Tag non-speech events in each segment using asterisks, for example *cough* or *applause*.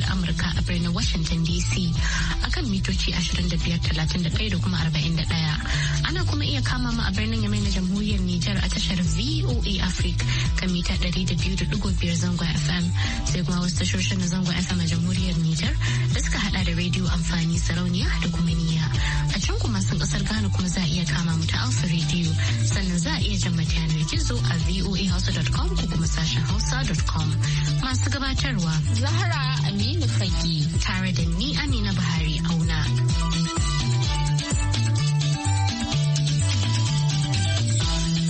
muryar Amurka a birnin Washington DC akan mitoci 2531 da kuma 41. Ana kuma iya kama mu a birnin Yamai na Jamhuriyar Nijar a tashar VOA Africa ka mita 200.5 zangon FM sai kuma wasu tashoshin na zangon FM a Jamhuriyar Nijar da suka hada da rediyo amfani sarauniya da kuma niyya. A can kuma sun kasar Ghana kuma za a iya kama mu ta Alpha Radio sannan za a iya jan yanar gizo a voahausa.com ko kuma sashen hausa.com masu gabatarwa Zahra Aminu Fage tare da ni Amina Buhari auna.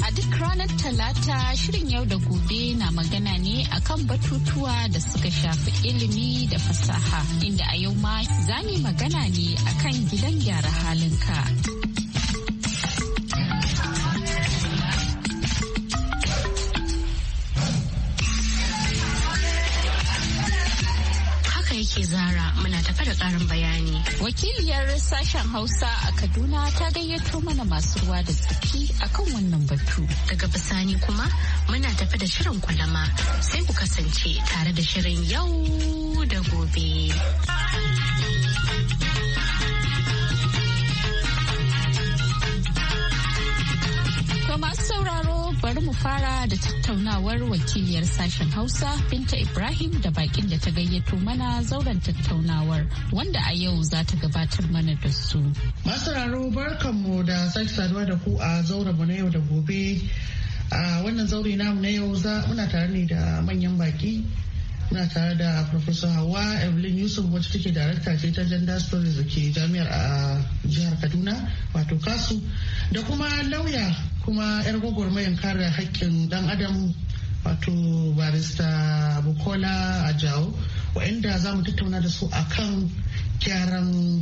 A duk ranar Talata shirin yau da gobe na magana ne akan batutuwa da suka shafi ilimi da fasaha inda a yau ma za mu magana ne akan gidan gyara halinka. tafa da karin bayani. Wakiliyar sashen Hausa a Kaduna ta gayyato mana masu ruwa da tsaki akan wannan batu. Daga bisani kuma muna tafa da shirin kwalama sai ku kasance tare da shirin yau da gobe. To masu sauraro bari mu fara da tattaunawar wakiliyar sashen Hausa Binta Ibrahim da bakin da ta gayyato mana zauren tattaunawar wanda a yau za ta gabatar mana da su. Masu sauraro mu da sake saduwa da ku a zauren mu na yau da gobe. A wannan zaure namu na yau za muna tare ne da manyan baki muna tare da Professor Hawa Evelyn Yusuf wacce take darakta ce ta Gender Stories da ke jami'ar a jihar Kaduna wato Kasu da kuma lauya kuma 'yar gwagwarmayar kare hakkin dan adam wato barista bukola ajao waɗanda za mu tattauna da su a kan gyaran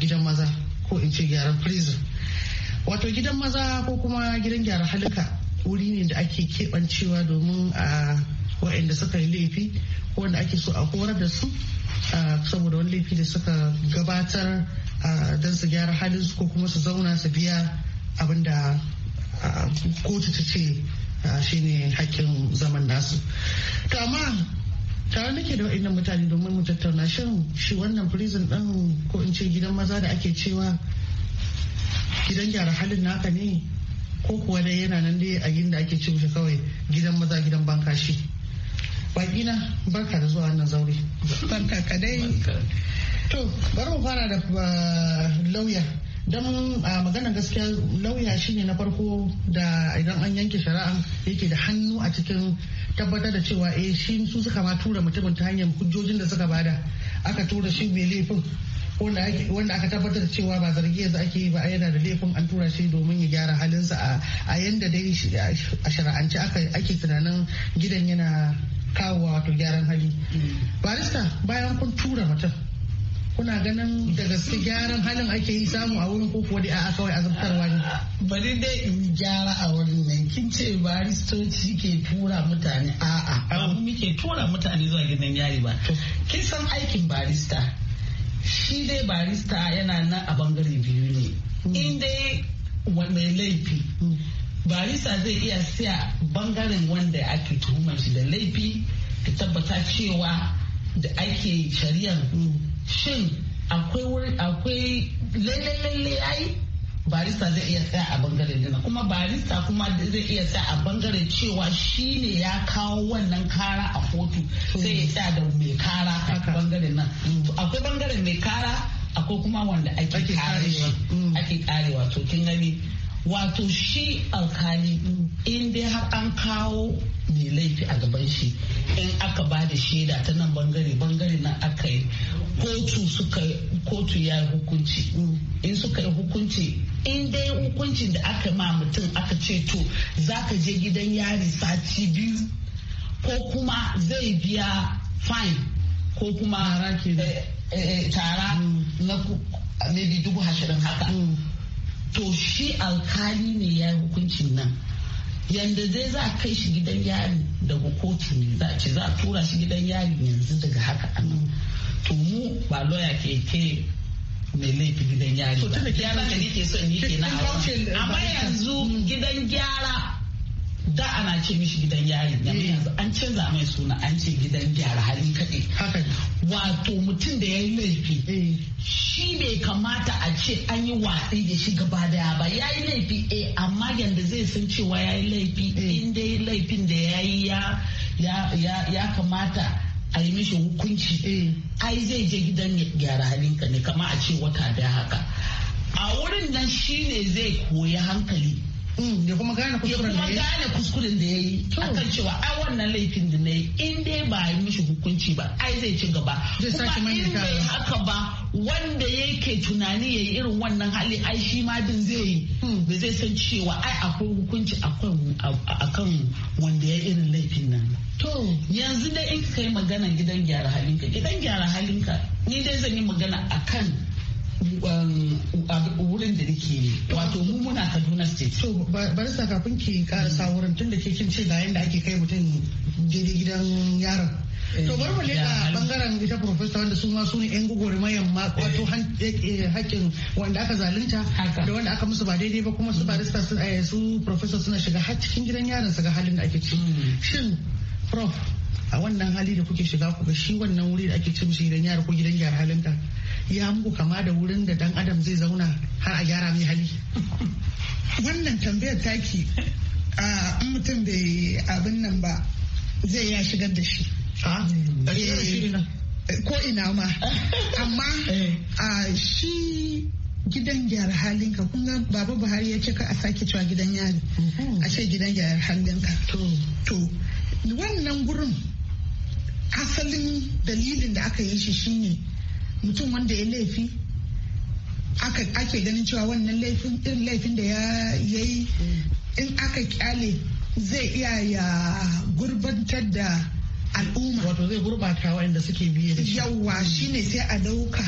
gidan maza ko in ce gyaran prison wato gidan maza ko kuma gidan gyara halika wuri ne da ake keɓancewa domin a waɗanda suka yi laifi ko wanda ake so a horar da su saboda wani laifi da suka gabatar don su gyara halin su ko kuma su zauna su biya da ah, kotu ta ce ah, shine hakkin zaman nasu to amma tare nake da waɗannan mutane domin mu tattauna shin shi wannan prison ɗin ko in ce gidan maza da ake cewa gidan gyara halin naka ne ko kuwa dai yana nan dai a yin da ake ce mishi kawai gidan maza gidan banka shi bakina barka da zuwa wannan zaure barka kadai to bari mu fara da ah, lauya don ah, magana gaskiya lauya shine na farko da idan an yanke shari'a yake da hannu a cikin tabbatar da cewa eh shi su suka ma tura mutumin ta hanyar hujjojin da suka bada aka tura shi mai laifin wanda aka tabbatar da cewa ba zargi yanzu ake yi ba yana da laifin an tura shi domin ya gyara halinsa a yanda dai a shari'ance ake tunanin gidan yana kawowa wato gyaran hali mm. barista bayan kun tura mutum kuna ganin daga gaske gyaran halin ake yi samu a wurin koko da a kawai azabtarwa ne bari dai in gyara a wurin nan kin ce baristoci ke tura mutane a'a a muke tura mutane zuwa gidan yari ba kin san aikin barista shi dai barista yana nan a bangare biyu ne hmm. in dai mai laifi hmm. barista zai iya siya bangaren wanda ake tuhumar shi da laifi ta tabbata cewa da ake shari'ar hmm. shin akwai wurin akwai lalle lalle ai barista zai iya tsaya a bangaren dina kuma barista kuma zai iya tsaya a bangaren cewa shi ne ya kawo wannan kara a kotu sai ya tsaya da mai kara a bangaren nan akwai bangaren mai kara akwai kuma wanda ake ake mm. karewa to kin gani wato shi alkali in dai har an kawo mai laifi a gaban shi in aka ba da shaida ta nan bangare bangare nan aka yi kotu suka kotu ya yi hukunci in suka yi hukunci in dai hukuncin da aka ma mutum aka ce to za ka je gidan yari sati biyu ko kuma zai biya fine ko kuma tara eh, eh, hmm. na dubu ashirin haka hmm. to shi alkali ne ya hukuncin nan yanda zai za a kai shi gidan yari daga kotu ne za ce za a tura shi gidan yari yanzu daga haka anan to mu ba loya ke ke mai laifi gidan yari ba gyara da ke son yi hawa amma yanzu gidan gyara da ana ce mishi gidan yari yanzu yanzu eh. an canza mai suna an ce gidan gyara hali kaɗai wato mutum da ya yi laifi eh. shi bai kamata a ce an yi watsi da shi gaba daya ba ya yi laifi eh amma yanda zai san cewa ya yi laifi eh. in dai laifin da ya yi ya kamata a yi mishi hukunci ai zai je gidan gyara halinka ne kama a ce wata daya haka a wurin nan shine zai koyi hankali ya kuma gane kuskuren da ya yi gane kuskuren da ya yi akan cewa a wannan laifin da na yi in dai ba yi mishi hukunci ba ai zai ci gaba kuma in bai haka ba wanda yake tunani ya yi irin wannan hali ai shi ma din zai yi hmm. ba zai san cewa ai akwai hukunci akan wanda ya yi irin laifin nan to yanzu dai in ka yi maganan gidan gyara halinka gidan gyara halinka ni dai zan yi magana akan Um, um, wurin da nake ne wato mu muna kaduna state to bari sa kafin ki karasa wurin tun da ke kin ce ga yanda ake kai mutum daidai gidan yaron eh, to bari mu leka bangaren ita professor wanda su ma su ne yan gwagwarmayan ma wato eh. Eh, hakkin wanda aka zalunta da wanda aka musu ba daidai ba kuma su mm-hmm. barista su professor suna shiga har cikin gidan yaron su ga halin da ake ci mm. shin prof a wannan hali da kuke shiga ku ga shi wannan wuri da ake cin shi gidan yara ko gidan gyara ka ya muku kama da wurin da dan adam zai zauna har a gyara mai hali wannan tambayar taki a mutum bai abin nan ba zai ya shigar da shi eh, ko ina ma *laughs* amma eh. a shi gidan gyara halinka kuma baba buhari ya ce ka a sake cewa gidan yari mhm. a ce gidan gyara halinka to wannan gurin asalin dalilin da aka yi shi shine mutum wanda ya laifi ake ganin cewa wannan laifin irin laifin da ya yi in aka kyale zai iya ya gurbantar da al'umma wato zai gurbata wa'anda suke biye da shi yawa shine sai a dauka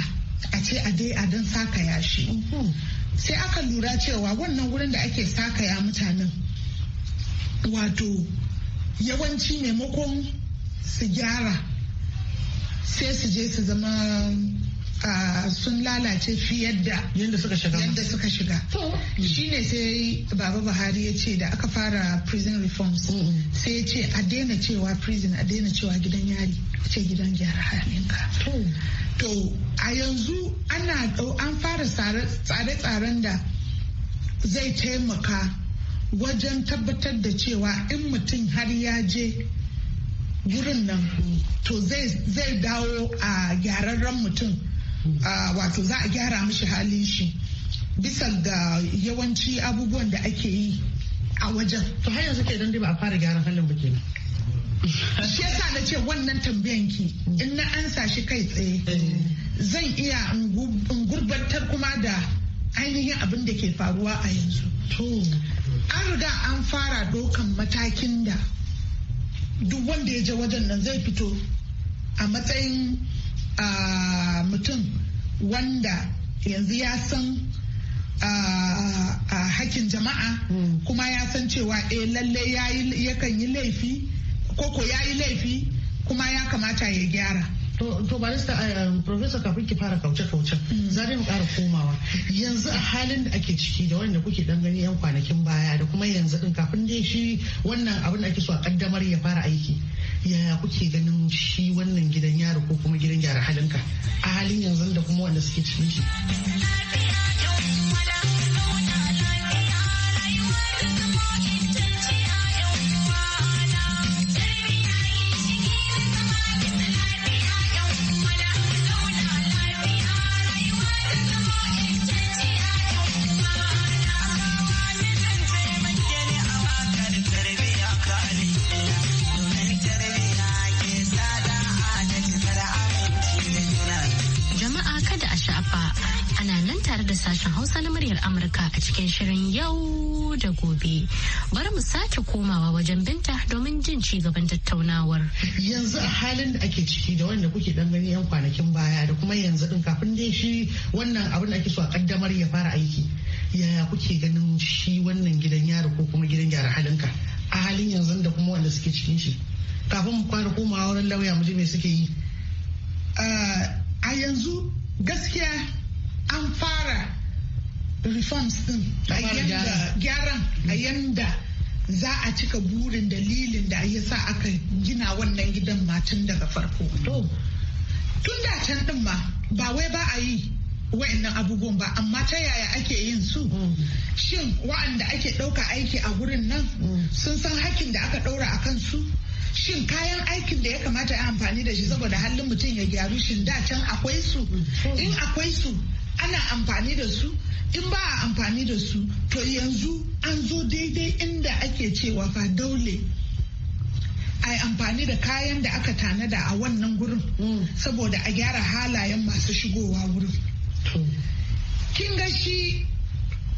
a ce a dai a don sakaya shi mhm. sai aka lura cewa wannan wurin da ake sakaya mutanen wato yawanci maimakon su gyara sai su je su zama sun lalace fiye da yadda suka shiga yadda suka shiga to mm. sai baba buhari ya ce da aka fara prison reforms mm, mm. sai ya ce a daina cewa prison a daina cewa gidan yari a ce gidan gyara halinka to a yanzu ana an fara tsare-tsaren da zai taimaka wajen tabbatar da cewa in mutum har ya je wurin nan to zai dawo a gyararren mutum wato za a gyara mishi halin shi bisa ga yawanci abubuwan da ake yi a wajen. To hanyar suke don dai ba a fara gyara halin ba kenan. Shi yasa na ce wannan tambayan ki in na ansa shi kai tsaye zan iya in gurbatar kuma da ainihin abin da ke faruwa a yanzu. To an riga an fara dokan matakin da duk wanda ya je wajen nan zai fito a matsayin a mutum wanda yanzu ya san a hakin jama'a hmm. kuma ya san cewa eh lalle yakan yi laifi koko ya yi laifi kuma ya kamata ya gyara to barista eh, eh, professor kafin ki fara kauce-kauce hmm. Zari mu ƙara komawa yanzu a halin da ake ciki da wanda kuke dan gani yan kwanakin baya da kuma yanzu din kafin dai shi wannan abin da ake so a kaddamar ya fara aiki yaya kuke ganin shi wannan gidan yaro ko kuma gidan gyara halinka a halin yanzu da kuma wanda suke cikin shi. da gobe. Bari mu sake komawa wajen binta domin jin ci gaban tattaunawar. Yanzu a halin da ake ciki da wanda kuke dan gani yan kwanakin baya da kuma yanzu din kafin dai shi wannan abin da ake so a kaddamar ya fara aiki. Yaya kuke ganin shi wannan gidan yaro ko kuma gidan gyara halinka a halin yanzu da kuma wanda suke cikin shi. Kafin mu fara komawa wurin lauya mu ji me suke yi. Ah, a yanzu gaskiya an fara reforms din a gyaran a yanda za a cika burin dalilin da ya sa aka gina wannan gidan matan daga farko tun da can din ma ba wai ba a yi wa'annan abubuwan ba amma ta yaya ake yin su mm. shin wa'anda ake ɗauka aiki a gurin nan mm. sun san hakkin da aka ɗaura a kansu shin kayan aikin da ya kamata ya amfani da shi saboda halin mutum ya gyaru shin da can akwai su mm. in akwai su ana amfani da su in ba a amfani da su to yanzu an zo daidai inda ake cewa fa daule a yi amfani da kayan da aka tanada a wannan gurin mm. saboda a gyara halayen masu shigowa wurin kin ga shi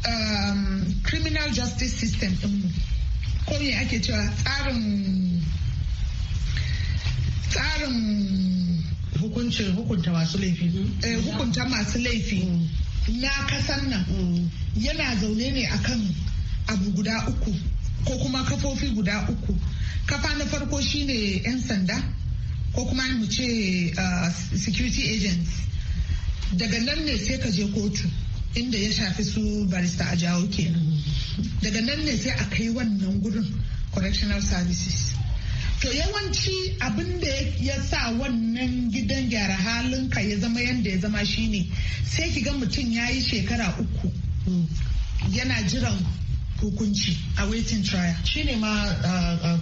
um, criminal justice system ɗinmu ko me ake cewa tsarin tsarin hukuncin hukunta masu laifi mm. eh, hukunta masu laifi mm. na kasan nan mm. yana zaune ne akan abu guda uku ko kuma kafofi guda uku kafa na farko shine 'yan sanda ko kuma mu ce uh, security agents daga nan ne sai ka je kotu inda ya shafi su barista a jawo kenan daga nan ne sai a kai wannan gudun correctional services To yawanci abin da ya sa wannan gidan gyara halinka ya zama yadda ya zama shine sai ki ga mutum ya yi shekara uku mm. yana jiran hukunci a waiting trial Shi ne ma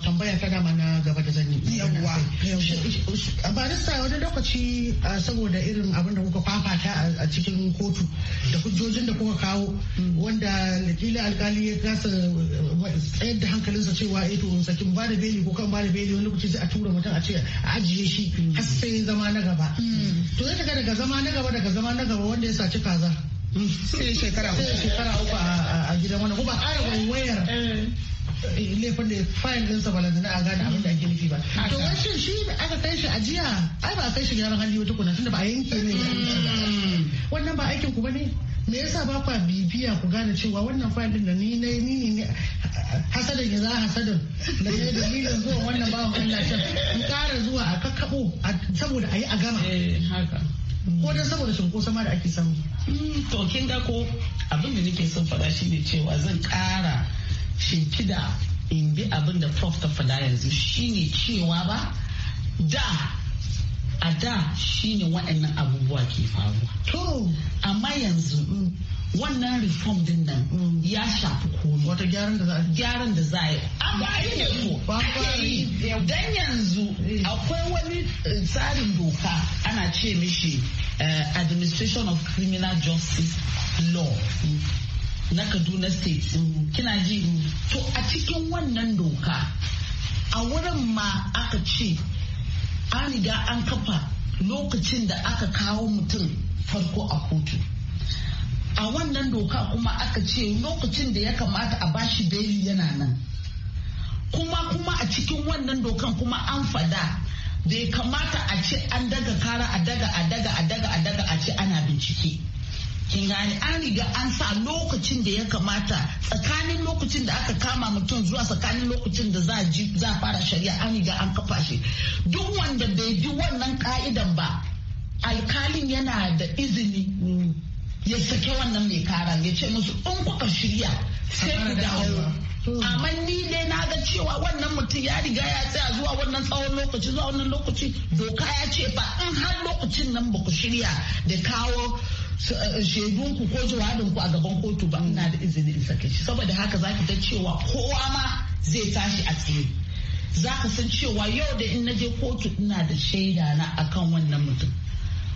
tambaya ta dama na gaba da zanyi yawwa a barista wani lokaci saboda irin abin da kuka fafata a cikin kotu da hujjojin da kuka kawo mm. wanda kila alkali ya kasa tsayar da hankalinsa cewa ya eh to sakin ba da beli ko kan ba da beli wani lokaci sai a tura mutum a ce a ajiye shi mm. har sai zama na gaba mm. to zai daga daga zama na gaba daga zama na gaba wanda ya saci kaza sai shekara uku shekara uku a gidan wani kuma ƙara waiwayar eh, laifin da fayin ɗinsa balantana a gane abin da ake nufi ba. To wancan shi aka kai shi a jiya ai ba a kai shi gyaran hali wata kuna tunda ba a yanke ne mm. wannan ba aikin ku ne me yasa ba kwa bibiya ku gane cewa wannan fayil ɗin da ni ne ni ne hasadin ya za hasadin da ya dalilin zuwa wannan bawan Allah can mu ƙara zuwa a kakkaɓo saboda a yi a gama. Eh, ko dan saboda cunkoson ma da ake samu mm, to kin ga ko abin da nake son faɗa shine cewa zan ƙara kida in bi abin da prof ta faɗa yanzu shine cewa ba da a da shine waɗannan abubuwa ke faruwa to amma yanzu mm, wannan reform din nan mm. ya shafi komi wata gyaran da za a yi ba a yi yi dan yanzu akwai wani tsarin doka ana ce mishi administration of criminal justice law na kaduna state mm, mm, kina ji mm, to a cikin wannan doka a wurin ma aka ce an riga an kafa lokacin da aka kawo mutum farko a kotu a wannan doka kuma aka ce lokacin da ya kamata a bashi daili yana nan kuma kuma a cikin wannan dokan kuma an fada bai kamata a ce an daga kara a daga a daga a daga a daga a ce ana bincike kin gane an riga an sa lokacin da ya kamata tsakanin lokacin da aka kama mutum zuwa tsakanin lokacin da za ji fara shari'a an riga an kafa shi duk wanda bai bi wannan ka'idan ba alkalin yana da izini ya sake wannan mai kara ya ce musu in kuka shirya sai ku dawo hmm. amma ni ne na ga cewa wannan mutum ya riga ya tsaya zuwa wannan tsawon lokaci zuwa wannan lokaci doka ya ce ba in har lokacin nan ba ku shirya da kawo eh, shaidunku ko jawabinku a gaban kotu ba ina da izini in sake shi saboda haka zaki ta cewa kowa ma zai tashi a tsaye za ka san cewa yau da in na je kotu ina da shaida na akan wannan mutum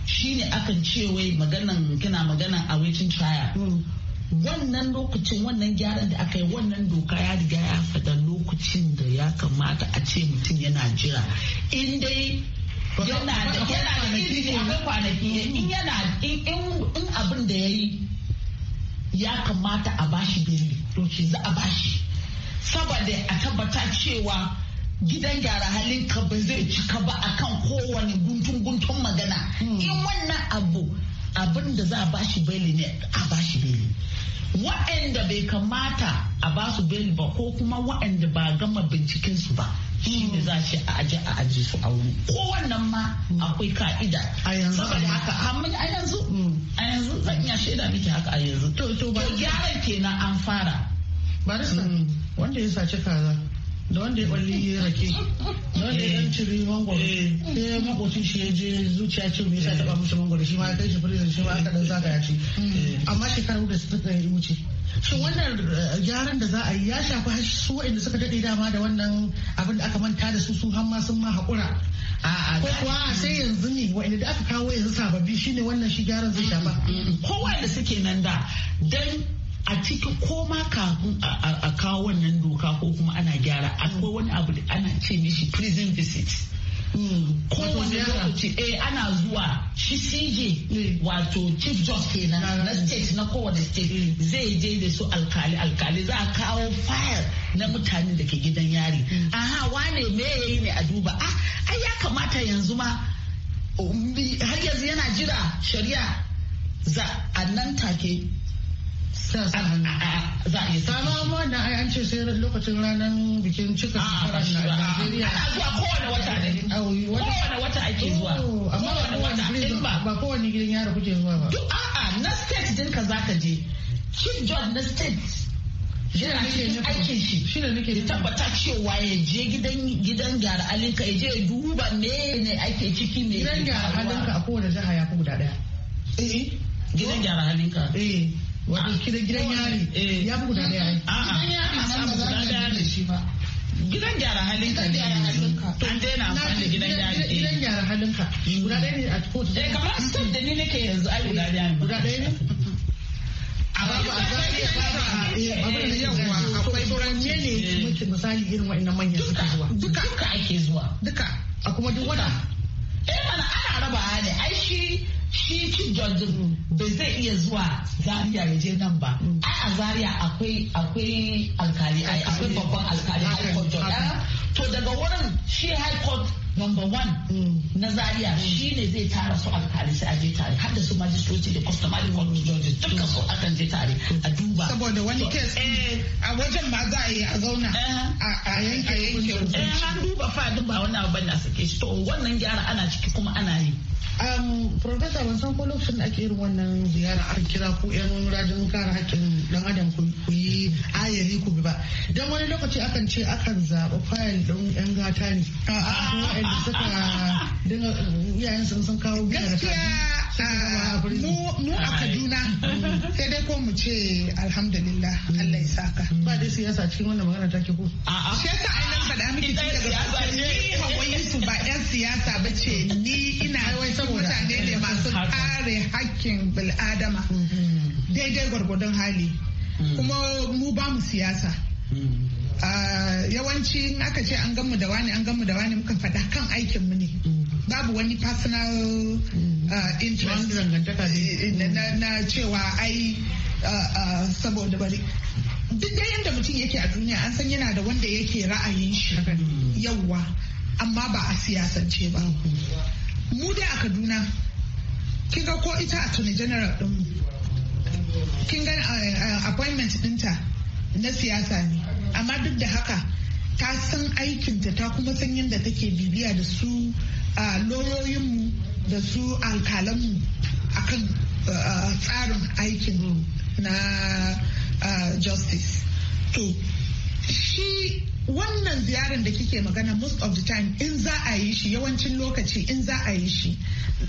shine akan ce wai maganan kina maganan a wajen caya wannan lokacin wannan gyaran da aka yi wannan doka ya riga ya faɗa lokacin da ya kamata a ce mutum yana jira in dai yana da kwanaki in in abin da ya yi ya kamata a bashi beli to za a bashi saboda a tabbata cewa gidan gyara halin ka ba zai cika ba akan kowane guntun guntun magana hmm. in wannan abu abin da za a bashi beli ne a bashi beli wa'anda bai kamata a ba su beli ba ko kuma wa'anda ba gama binciken su ba shi hmm. ne za shi a aji a aji su a wuri wannan ma hmm. akwai ka'ida yanzu haka hamman a yanzu a yanzu zan iya shaida miki haka a yanzu to to ba gyaran kenan an fara barista wanda ya sace kaza da wanda ya ya rake da wanda ya dan ciri mangwaro eh. sai makocin shi ya je zuciya ce me yasa taba mishi mangwaro shi ma ya kai shi prison shi ma aka dan zaga ya ci eh. amma shekaru da suka yi wuce shin wannan eh, gyaran da za a yi ya shafi su waɗanda suka daɗe dama da wannan abin da aka manta da su su har ma sun ma haƙura ko kuwa sai yanzu ne wa'inda da aka kawo yanzu sababbi shine wannan shi gyaran zai shafa kowa da suke nan da dan a ciki koma kafin a kawo wannan doka ko kuma ana gyara akwai wani abu da ana ce mishi prison visit hmm. kowane lokaci eh ana zuwa shi CJ hmm. wato chief justice na hmm. na state na kowane state zai je da su alkali alkali za a kawo fire na mutane da ke gidan yari aha wane me yayi ne a duba ah ai ya kamata yanzu ma um, har yanzu yana jira shari'a za a nan take sa sa za a yi sama amma wannan ai an ce sai lokacin ranar bikin cika shekara na Najeriya ana zuwa kowane wata ne kowane wata ake zuwa oh, amma ba kowane ba kowane gidan yaro kuke zuwa ba duk a'a na state din ka zaka je chief judge na state yana cikin aikin shi shi ne nake tabbata cewa ya je gidan gidan gyara alinka ya je duba me ne ake ciki me gidan gyara alinka a kowane jiha ya fi guda daya eh, gidan gyara halinka. Eh. wato gidan gidan yari ya fi guda daya ai a'a yari samu guda daya da shi gidan gyara halinka ne an daina amfani da gidan gyara gidan gyara halinka guda ɗaya ne a kotu eh kamar step da ni nake yanzu ai guda daya ne guda ɗaya ne A a a babu babu ne ne misali irin wa'annan manyan suka zuwa duka duka ake zuwa duka a kuma duk wata eh mana ana raba ne ai shi shi chief judge bai zai iya zuwa zaria ya je nan ba ai a zaria akwai akwai alkali ai akwai babban alkali high court to daga wurin shi high court number one mm. na zaria mm. shi ne zai tara su alkali sai a je tare har da su majistoci da customary court judges duka su mm. akan je tare a duba saboda wani case eh. a wajen ma za a yi a zauna eh. a yanke yanke eh, an duba fa duba wannan abin abu bane sake shi to wannan gyara ana ciki kuma ana yi Um, Profesa ban san ko lokacin da ake irin wannan ziyara an kira ku yan rajin kare haƙƙin ɗan adam ku yi ayari ku bi ba. Don wani lokaci akan ce akan zaɓi fayil ɗin ƴan gata ne. Waɗanda suka dinga iyayen sun sun kawo biyar da kaji. Mu a Kaduna sai dai ko mu ce alhamdulillah Allah ya saka. Ba dai siyasa cikin wannan magana take ko. A'a. Shi yasa faɗa miki tun daga ni hawaii su ba yan siyasa ba ce ni ina yawancin mutane ne masu kare hakkin bil'adama mm-hmm. daidai gwargwadon hali mm. kuma mu ba mu siyasa mm. ah, yawanci in aka ce an gamu da wani an gamu da wani muka faɗa kan aikin mu ne mm. babu wani personal ah, interest eh, eh, na cewa ai ah, saboda bari duk da yadda mutum yake a duniya an san yana da wanda yake ra'ayin shi yauwa amma ba a siyasance ba mu da a kaduna kin ko ita a tuni general din kin ga eh, eh, appointment dinta na siyasa ne amma duk da haka ta san aikinta ta kuma san yadda take bibiya da su mu da su alkalanmu akan eh, tsarin aikin na uh, justice to shi wannan ziyarar da kike magana most of the time in za a yi shi yawancin lokaci in za a yi shi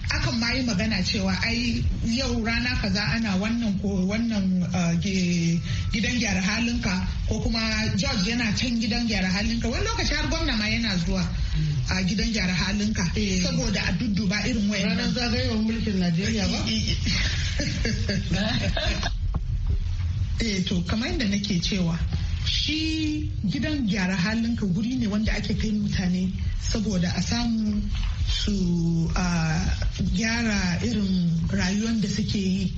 akan ma yi magana cewa ai yau rana kaza ana wannan ko wannan gidan gyara halinka ko kuma george yana can gidan gyara halinka wani lokaci har gwamna ma yana zuwa a gidan gyara halinka eh. saboda a dudduba irin wayan ranar zagayewar mulkin najeriya ba *laughs* eh to kamar yadda nake cewa shi gidan gyara halinka guri ne wanda ake kai mutane saboda a samu su gyara irin rayuwar da suke yi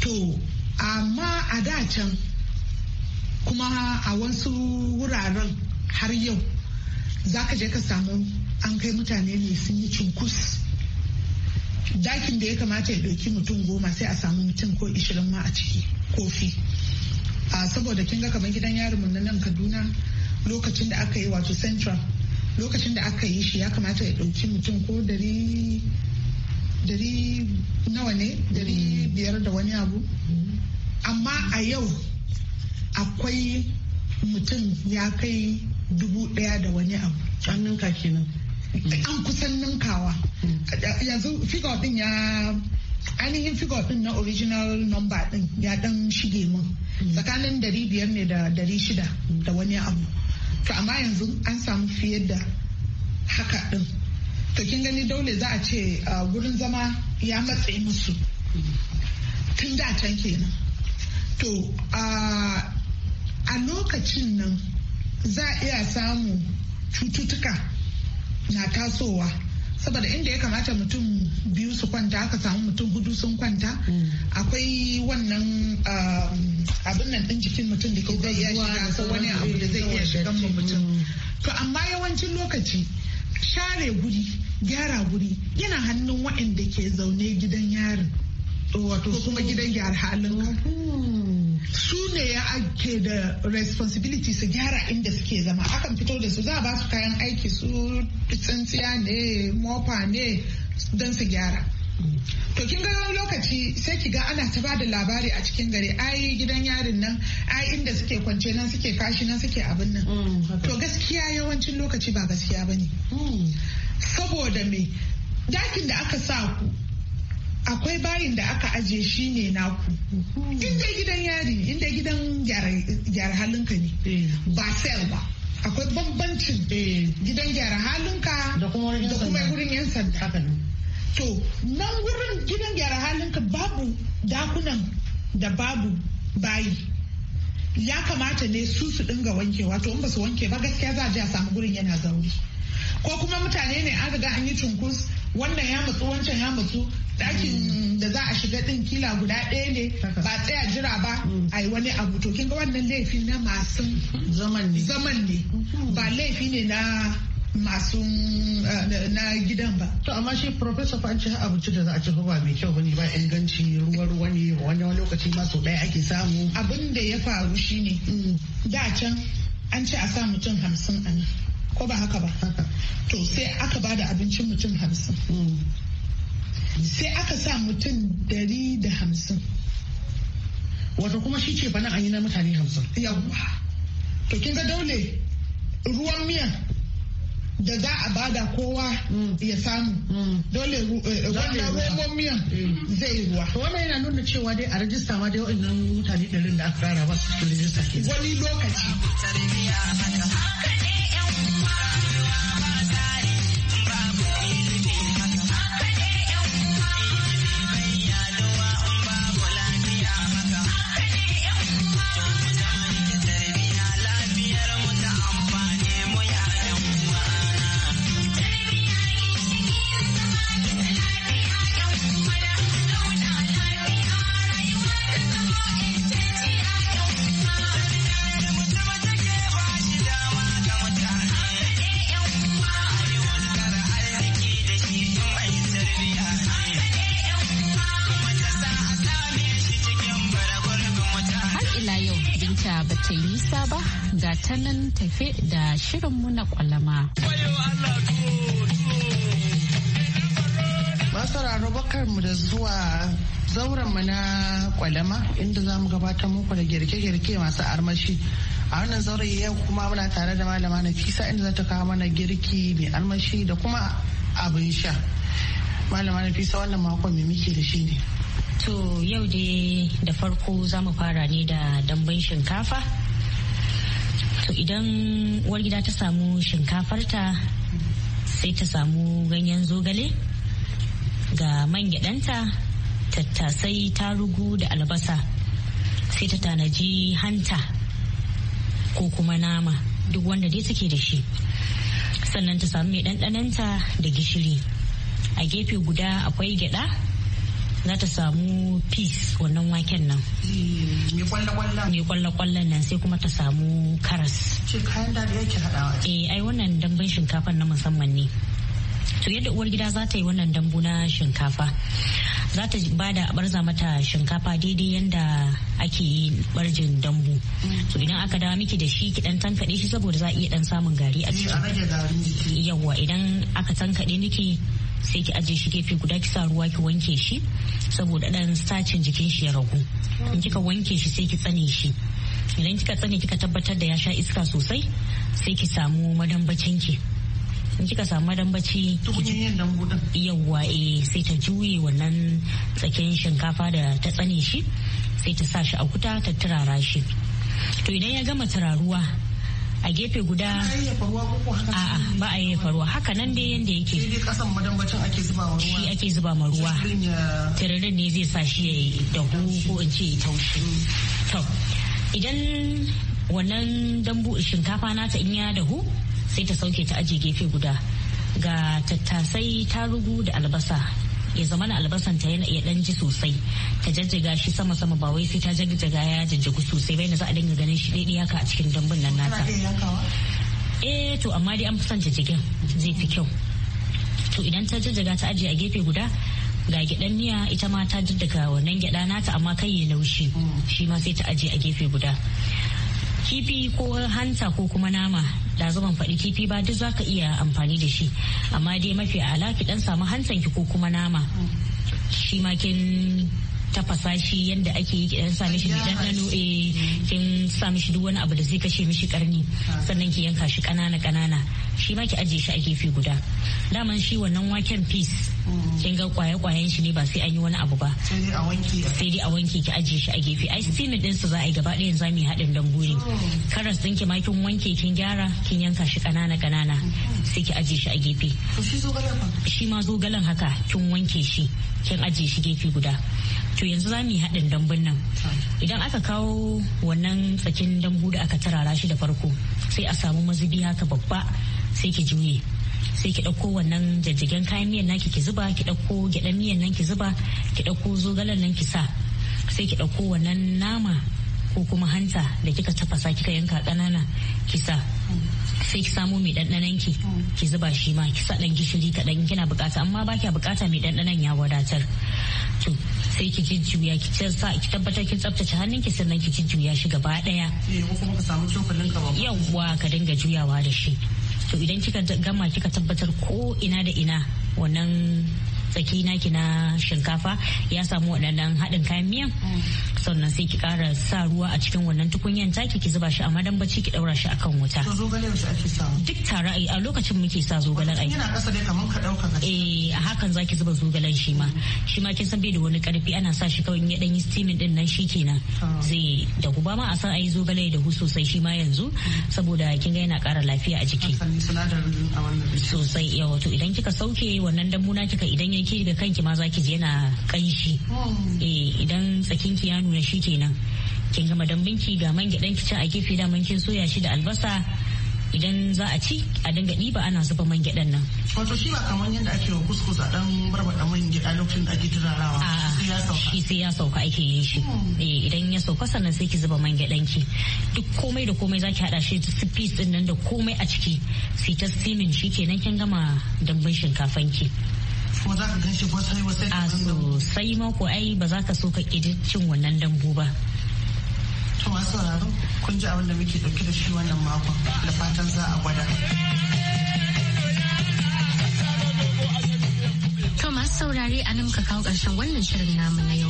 to amma a da can kuma a wasu wuraren har yau za ka je ka samu an kai mutane ne sun yi cunkus dakin da ya kamata ya ɗauki mutum goma sai a samu mutum ko ishirin ma a ciki kofi a saboda kin ga kamar gidan yarinmu na nan kaduna lokacin da aka yi wato central lokacin da aka yi shi ya kamata ya ɗauki mutum ko dari dari nawa ne dari mm. biyar da wani abu mm. amma a yau akwai mutum ya kai dubu ɗaya da wani abu an ninka kenan an kusan ninkawa mm. yanzu figure din ya ainihin figure din na original number din ya dan shige mun tsakanin dari biyar ne da dari shida da wani abu to amma yanzu an samu fiye da haka din to kin gani dole za a ce gurin zama ya matse musu tun da can kenan to a lokacin nan za a iya samu cututtuka na tasowa saboda inda ya kamata mutum biyu su kwanta aka samu mutum hudu sun kwanta mm. akwai wannan um, abin nan din jikin mutum da ke zai iya shiga ko wani abu da zai iya shiga mutum to amma yawancin lokaci share guri gyara guri yana hannun waɗanda ke zaune gidan yarin wato kuma gidan gyara halin su ne ya ake da responsibility su gyara inda suke zama akan fito da su za a ba su kayan aiki su tsintsiya ne mopa ne don su gyara To kin ga wani lokaci sai ki ga ana ta ba da labari a cikin gari ai gidan yarin nan ai inda suke kwance nan suke kashi nan suke abin nan. Mm, to gaskiya yawancin lokaci ba gaskiya ba ne. Mm. Saboda me dakin da aka sa ku akwai bayin da aka aje shi ne naku inda gidan yari inda gidan gyara halinka ne eh. ba sel ba akwai bambancin eh. gidan gyara halinka da kuma wurin yan sanda to nan wurin gidan gyara halin ka babu dakunan da babu bayi ya kamata ne su su dinga wankewa to in ba su wanke ba gaskiya za a je a samu gurin yana zauri ko kuma mutane ne an riga an yi cunkus wannan ya matsu wancan ya matsu dakin da za a shiga din kila guda ɗaya ne ba tsaya jira ba mm. a yi wani abu to kin wannan laifi na masu zaman ne ba laifi ne na masu eh, na gidan ba. To amma shi Profesor fa an ci abinci da za a ci ba mai kyau bane ba inganci ruwa ruwa ne wani lokaci ma sau ɗaya ake samu. Abin da ya faru shine mm, da can an ce a sa mutum hamsin a nan ko ba haka ba. To sai aka ba da abincin mutum hamsin. Mm. Sai aka sa mutum dari da hamsin. Wato kuma shi ce bana an yi na mutane hamsin. Yawwa. To kin ga daule ruwan miya da za a bada kowa mm. ya samu mm. dole eh, eh, wannan mm. yi zai ruwa wannan yana nuna cewa dai a rajista ma dai wa'annan mutane ɗarin da aka rara ba su rajista ke wani lokaci ta nan tafe da shirinmu na kwalama. Masararo mu da zuwa zaurenmu na kwalama inda za mu gabatar muku da girke-girke masu armashi. a wannan zauren yau kuma muna tare da malama nafisa inda za ta kawo mana girki mai armashi da kuma abin sha. Malama nafisa wannan makon mai muke da shi ne. To yau dai da farko za mu fara ne da dambun shinkafa. to idan uwar gida ta samu shinkafarta sai ta samu ganyen zogale ga man gyaɗanta tattasai rugu da albasa sai ta tanaji hanta ko kuma nama duk wanda dai take da shi sannan ta samu mai ɗanɗananta da gishiri a gefe guda akwai gyaɗa za ta samu peace wannan waken nan mai kwallo kwallon nan sai kuma ta samu karas ce kayan da yake haɗawa eh ai wannan damben shinkafa na musamman ne to yadda uwar gida za ta yi wannan dambu na shinkafa za ta ba da barza mata shinkafa daidai yadda ake yi barjin dambu hmm. To idan aka dawo miki da shi ki dan tankade shi saboda za a iya dan samun gari a eh, ciki yawa idan aka tankade miki sai ki aje shi gefe guda ki sa ruwa ki wanke shi saboda dan sacin jikin shi ya ragu in kika wanke shi sai ki tsane shi idan kika tsane kika tabbatar da ya sha iska sosai sai ki samu madambacin ki in kika samu madambaci yawwa eh sai ta juye wannan tsakin shinkafa da ta tsane shi sai ta sa shi a kuta ta turara shi to idan ya gama turaruwa a gefe guda a ba a yayyafa ruwa haka nan dai yanda yake shi ake zuba ma ruwa tiririn ne zai sa shi ya yi dahu ko in ce ya taushi to idan wannan dambu shinkafa nata in ya dahu sai ta sauke ta ajiye gefe guda ga tattasai tarugu da albasa ya zama na albasan ta yana dan ji sosai ta jajjaga shi sama sama ba wai sai ta jajjaga ya jajjagu sosai bai na za a dinga ganin shi daidai haka a cikin dambun nan nata eh to amma dai an fi son jajjagen zai fi kyau to idan ta jajjaga ta ajiye a gefe guda ga gyaɗan miya ita ma ta jiddaga wannan gyaɗa nata amma kai ya laushi mm. shi ma sai ta ajiye a gefe guda kifi ko hanta ko kuma nama da zuban faɗi kifi ba duk zaka iya amfani da shi amma dai mafi ala ki dan samu hantan ki ko kuma nama shi ma tafasa shi yadda ake yi sa mishi ɗanɗano eh kin sa mishi duk wani abu da zai kashe mishi karni sannan ki yanka shi kanana kanana shi ma ki ajiye shi a gefe guda daman shi wannan waken peas kin ga kwaye kwayen shi ne ba sai an yi wani abu ba sai dai a wanke ki ajiye shi a gefe ai steam din su za a yi gaba ɗaya za mu yi haɗin dangure karas ɗin ki ma kin wanke kin gyara kin yanka shi kanana kanana sai ki ajiye shi a gefe shi ma zogalen haka kin wanke shi kin ajiye shi gefe guda to yanzu za mu yi haɗin dambun nan idan aka kawo wannan tsakin dambu da aka tarara shi da farko sai a samu mazubi haka babba sai ki juye sai ki ɗauko wannan jajjagen kayan miyan naki ki zuba ki ɗauko gyaɗan miyan nan ki zuba ki ɗauko zogalen nan ki sa sai ki ɗauko wannan nama ko kuma hanta da kika tafasa kika yanka ƙanana ki sa sai ki samu mai ɗanɗanon ki ki zuba shi ma ki sa ɗan gishiri kaɗan kina bukata amma ba kya bukata mai ɗanɗanon ya wadatar to sai ki jujjuya ki sa ki tabbatar kin tsaftace hannun ki sannan ki jujjuya shi gaba ɗaya eh, yawwa ka dinga juyawa da shi to idan kika gama kika tabbatar ko ina da ina wannan tsaki naki na shinkafa ya samu waɗannan haɗin kayan miyan mm. sannan sai ki ƙara sa ruwa a cikin wannan tukunyan taki ki zuba shi a madambaci ki ɗaura shi akan wuta. Duk tare a lokacin muke sa zogalen ai. Yana ƙasa dai kamar ka ɗauka Eh a hakan zaki zuba zogalen shi ma. Shi ma kin san bai da wani ƙarfi ana sa shi kawai in ya ɗan yi steaming ɗin nan shi kenan. Zai da ba ma a san ayi zogale da hu sosai shi ma yanzu mm. saboda kin ga yana ƙara lafiya a jiki. Sosai yawa to idan kika sauke wannan na kika idan ya ke da kanki ma zaki ji yana kanshi eh, idan tsakinki ya nuna shi kenan kin gama dambinki ga man gyaɗan ki can a gefe da man kin soya shi da albasa idan za a ci a dinga ɗiba ana zuba man gyaɗan nan. Wato shi ba kamar yadda ake wa kuskus a ɗan barbaɗa man gyaɗa lokacin da ake turarawa. Shi sai ya sauka ake yin shi. Eh, idan ya sauka sannan sai ki zuba man gyaɗan ki. Duk komai da komai za ki haɗa shi su piece ɗin nan da komai a ciki. Sai ta steaming shi kenan kin gama dambin shinkafan ki. kuma za ka gan wasai wasai a sosai mako ai ba za ka so ka ƙi cin wannan dambu ba to masu sauraro kun ji abin da muke ɗauke da shi wannan makon da fatan za a gwada To masu saurare a nan ka kawo ƙarshen wannan shirin namu na yau.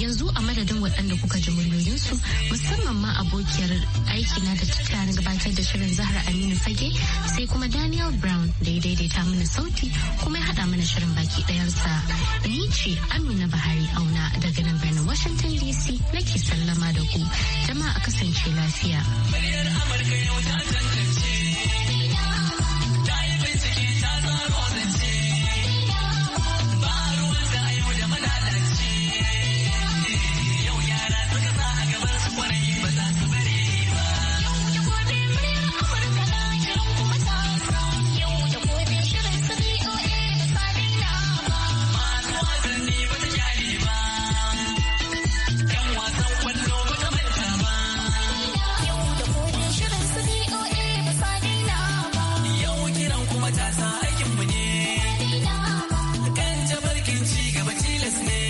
Yanzu a madadin waɗanda kuka ji su musamman ma abokiyar aiki na da ta na gabatar da shirin Zahra Aminu Fage sai kuma Daniel Brown da ya daidaita mana sauti kuma ya haɗa mana shirin baki ɗayarsa. Ni ce Amina Bahari Auna daga nan birnin Washington DC nake sallama da ku. Jama'a kasance lafiya. Amurka